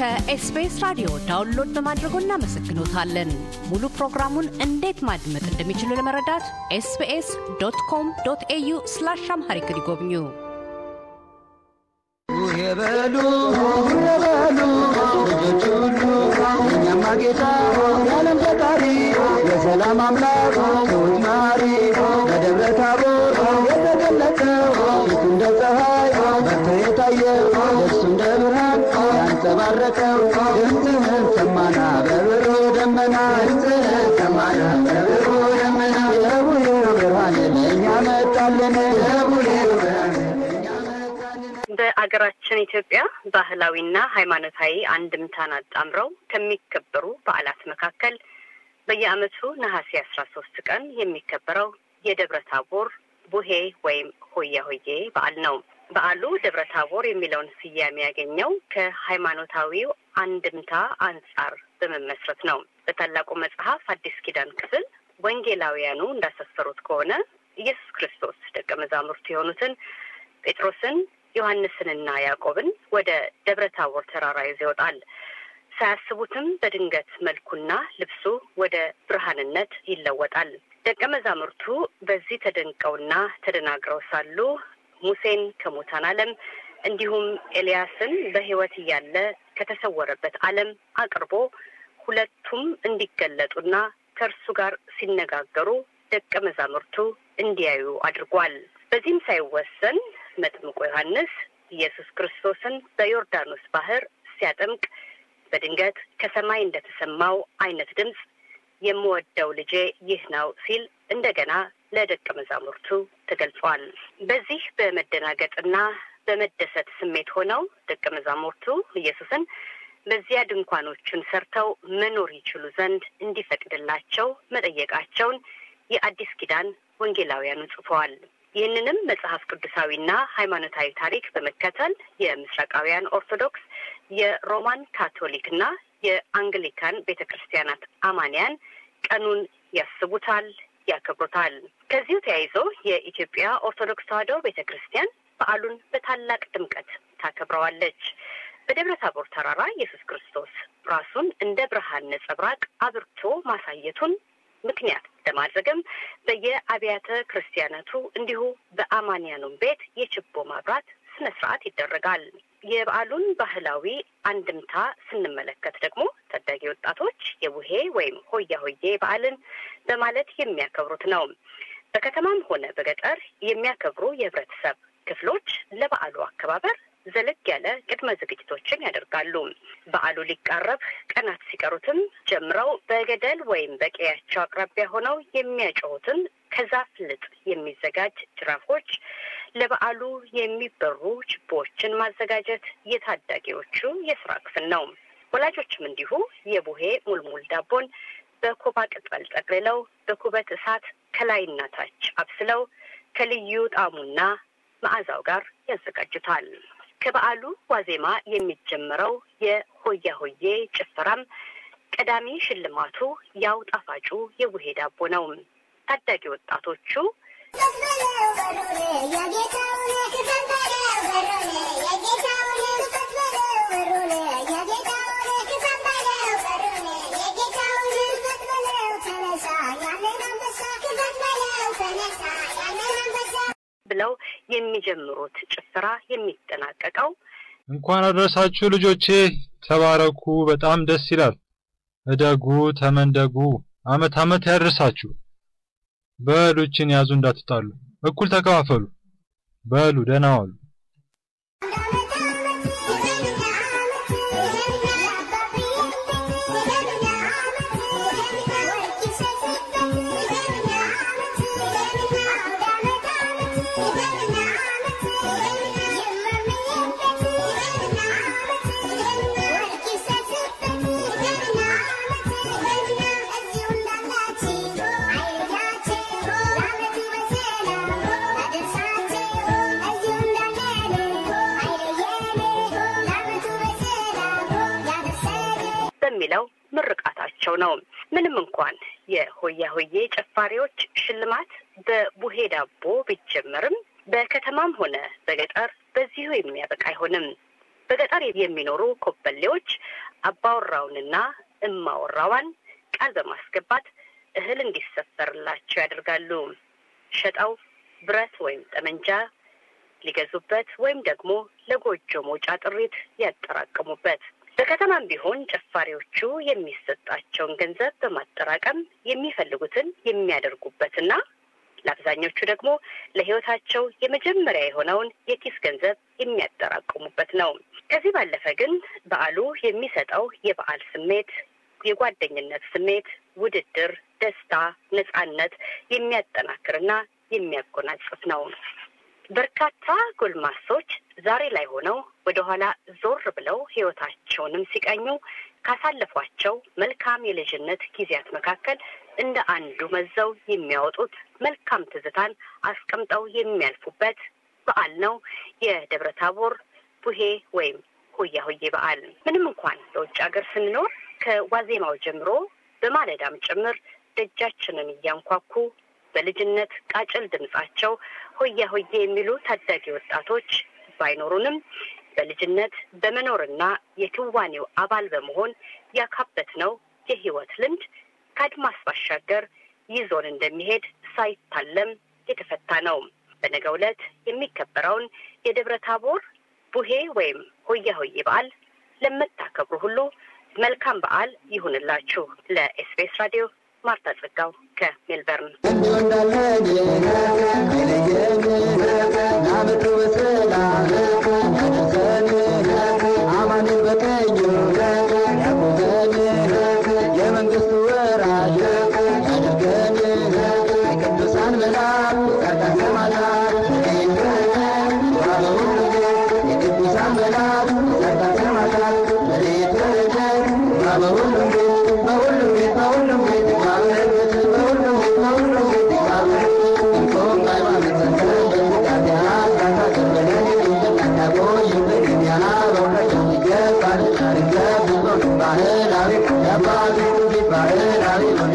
ከኤስቢኤስ ራዲዮ ዳውንሎድ በማድረጎ እናመሰግኖታለን። ሙሉ ፕሮግራሙን እንዴት ማድመጥ እንደሚችሉ ለመረዳት ኤስቢኤስ ዶት ኮም ዶት ኤዩ ስላሽ አምሃሪክ ይጎብኙ። የበሉ የበሉ ልጆች ሁሉ የእኛማ ጌታ የዓለም ፈጣሪ የሰላም አምላክ ትሑት መሐሪ በደብረ ታቦር የተገለጠው እንደ ፀሐይ በርቶ የታየው ባረከው ሰማና በብሩ ደመና ሰማና በብሩ ደመና መጣልን በአገራችን ኢትዮጵያ ባህላዊና ሃይማኖታዊ አንድምታን አጣምረው ከሚከበሩ በዓላት መካከል በየዓመቱ ነሐሴ አስራ ሶስት ቀን የሚከበረው የደብረ ታቦር ቡሄ ወይም ሆያ ሆዬ በዓል ነው። በዓሉ ደብረ ታቦር የሚለውን ስያሜ ያገኘው ከሃይማኖታዊው አንድምታ አንጻር በመመስረት ነው። በታላቁ መጽሐፍ አዲስ ኪዳን ክፍል ወንጌላውያኑ እንዳሰፈሩት ከሆነ ኢየሱስ ክርስቶስ ደቀ መዛሙርቱ የሆኑትን ጴጥሮስን፣ ዮሐንስንና ያዕቆብን ወደ ደብረ ታቦር ተራራ ይዞ ይወጣል። ሳያስቡትም በድንገት መልኩና ልብሱ ወደ ብርሃንነት ይለወጣል። ደቀ መዛሙርቱ በዚህ ተደንቀውና ተደናግረው ሳሉ ሙሴን ከሙታን ዓለም እንዲሁም ኤልያስን በሕይወት እያለ ከተሰወረበት ዓለም አቅርቦ ሁለቱም እንዲገለጡና ከእርሱ ጋር ሲነጋገሩ ደቀ መዛሙርቱ እንዲያዩ አድርጓል። በዚህም ሳይወሰን መጥምቆ ዮሐንስ ኢየሱስ ክርስቶስን በዮርዳኖስ ባህር ሲያጠምቅ በድንገት ከሰማይ እንደተሰማው አይነት ድምፅ የምወደው ልጄ ይህ ነው ሲል እንደገና ለደቀ መዛሙርቱ ተገልጿል። በዚህ በመደናገጥና በመደሰት ስሜት ሆነው ደቀ መዛሙርቱ ኢየሱስን በዚያ ድንኳኖቹን ሰርተው መኖር ይችሉ ዘንድ እንዲፈቅድላቸው መጠየቃቸውን የአዲስ ኪዳን ወንጌላውያኑ ጽፈዋል። ይህንንም መጽሐፍ ቅዱሳዊና ሃይማኖታዊ ታሪክ በመከተል የምስራቃውያን ኦርቶዶክስ፣ የሮማን ካቶሊክና የአንግሊካን ቤተ ክርስቲያናት አማንያን ቀኑን ያስቡታል፣ ያከብሩታል። ከዚሁ ተያይዞ የኢትዮጵያ ኦርቶዶክስ ተዋሕዶ ቤተ ክርስቲያን በዓሉን በታላቅ ድምቀት ታከብረዋለች። በደብረ ታቦር ተራራ ኢየሱስ ክርስቶስ ራሱን እንደ ብርሃን ነጸብራቅ አብርቶ ማሳየቱን ምክንያት ለማድረግም በየአብያተ ክርስቲያናቱ እንዲሁ በአማንያኑም ቤት የችቦ ማብራት ስነ ስርዓት ይደረጋል። የበዓሉን ባህላዊ አንድምታ ስንመለከት ደግሞ ታዳጊ ወጣቶች የቡሄ ወይም ሆያ ሆዬ በዓልን በማለት የሚያከብሩት ነው። በከተማም ሆነ በገጠር የሚያከብሩ የህብረተሰብ ክፍሎች ለበዓሉ አከባበር ዘለግ ያለ ቅድመ ዝግጅቶችን ያደርጋሉ። በዓሉ ሊቃረብ ቀናት ሲቀሩትም ጀምረው በገደል ወይም በቀያቸው አቅራቢያ ሆነው የሚያጨሁትም ከዛፍ ልጥ የሚዘጋጅ ጅራፎች ለበዓሉ የሚበሩ ችቦዎችን ማዘጋጀት የታዳጊዎቹ የስራ ክፍል ነው። ወላጆችም እንዲሁ የቡሄ ሙልሙል ዳቦን በኮባ ቅጠል ጠቅልለው በኩበት እሳት ከላይና ታች አብስለው ከልዩ ጣዕሙና መዓዛው ጋር ያዘጋጁታል። ከበዓሉ ዋዜማ የሚጀምረው የሆያ ሆዬ ጭፈራም ቀዳሚ ሽልማቱ ያው ጣፋጩ የቡሄ ዳቦ ነው። ታዳጊ ወጣቶቹ ብለው የሚጀምሩት ጭፈራ የሚጠናቀቀው እንኳን አደረሳችሁ ልጆቼ፣ ተባረኩ፣ በጣም ደስ ይላል፣ እደጉ፣ ተመንደጉ፣ አመት አመት ያደርሳችሁ፣ በሉችን ያዙ፣ እንዳትጣሉ፣ እኩል ተከፋፈሉ፣ በሉ ደህና ዋሉ። መሆናቸው ነው። ምንም እንኳን የሆያ ሆዬ ጨፋሪዎች ሽልማት በቡሄ ዳቦ ቢጀመርም በከተማም ሆነ በገጠር በዚሁ የሚያበቃ አይሆንም። በገጠር የሚኖሩ ኮበሌዎች አባወራውንና እማወራዋን ቃል በማስገባት እህል እንዲሰፈርላቸው ያደርጋሉ። ሸጠው ብረት ወይም ጠመንጃ ሊገዙበት ወይም ደግሞ ለጎጆ መውጫ ጥሪት ያጠራቅሙበት በከተማም ቢሆን ጨፋሪዎቹ የሚሰጣቸውን ገንዘብ በማጠራቀም የሚፈልጉትን የሚያደርጉበትና ለአብዛኞቹ ደግሞ ለሕይወታቸው የመጀመሪያ የሆነውን የኪስ ገንዘብ የሚያጠራቅሙበት ነው። ከዚህ ባለፈ ግን በዓሉ የሚሰጠው የበዓል ስሜት፣ የጓደኝነት ስሜት፣ ውድድር፣ ደስታ፣ ነጻነት የሚያጠናክርና የሚያጎናጽፍ ነው። በርካታ ጎልማሶች ዛሬ ላይ ሆነው ወደኋላ ዞር ብለው ህይወታቸውንም ሲቀኙ ካሳለፏቸው መልካም የልጅነት ጊዜያት መካከል እንደ አንዱ መዘው የሚያወጡት መልካም ትዝታን አስቀምጠው የሚያልፉበት በዓል ነው የደብረ ታቦር ቡሄ ወይም ሆያ ሆዬ በዓል። ምንም እንኳን በውጭ ሀገር ስንኖር ከዋዜማው ጀምሮ በማለዳም ጭምር ደጃችንን እያንኳኩ በልጅነት ቃጭል ድምጻቸው ሆያ ሆዬ የሚሉ ታዳጊ ወጣቶች ባይኖሩንም በልጅነት በመኖርና የክዋኔው አባል በመሆን ያካበት ነው የህይወት ልምድ ከአድማስ ባሻገር ይዞን እንደሚሄድ ሳይታለም የተፈታ ነው። በነገ ዕለት የሚከበረውን የደብረ ታቦር ቡሄ ወይም ሆያ ሆዬ በዓል ለምታከብሩ ሁሉ መልካም በዓል ይሁንላችሁ። ለኤስቢኤስ ራዲዮ مارتا تلقاو كملبرن